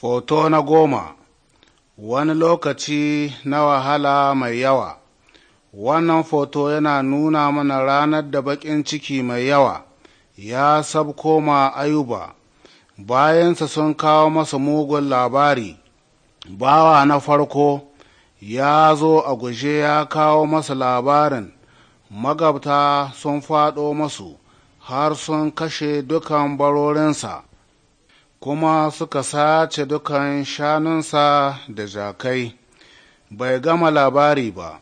Foto na goma Wani lokaci na wahala mai yawa Wannan foto yana nuna mana ranar da baƙin ciki mai yawa ya sabko ma ayuba, bayansa sun kawo masa mugun labari, bawa na farko ya zo a guje ya kawo masa labarin, magabta sun faɗo masu har sun kashe dukan barorinsa. kuma suka sace dukan shanunsa da jakai, bai gama labari ba,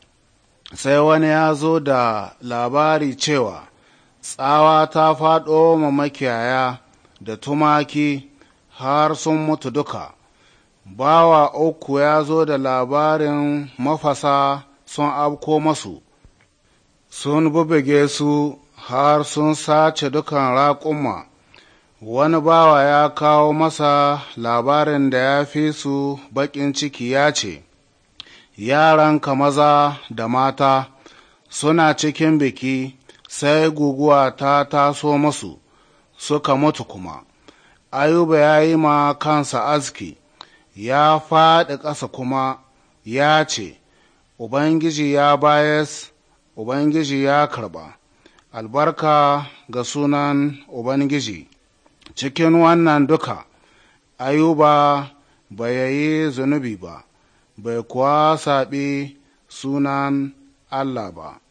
sai wani ya zo da labari cewa tsawa ta faɗo ma makiyaya da tumaki har sun mutu duka. Bawa uku ya zo da labarin mafasa sun afko masu, sun bubuge su har sun sace dukan raƙumma. wani bawa ya kawo masa labarin da ya fi su baƙin ciki ya ce, Yaranka maza da mata suna cikin biki sai guguwa ta taso masu suka mutu kuma, Ayuba ya yi ma kansa aski, ya faɗi ƙasa kuma ya ce, Ubangiji ya bayas, Ubangiji ya karɓa, albarka ga sunan Ubangiji. cikin wannan duka ayuba bai yi zunubi ba bai kuwa saɓi sunan allah ba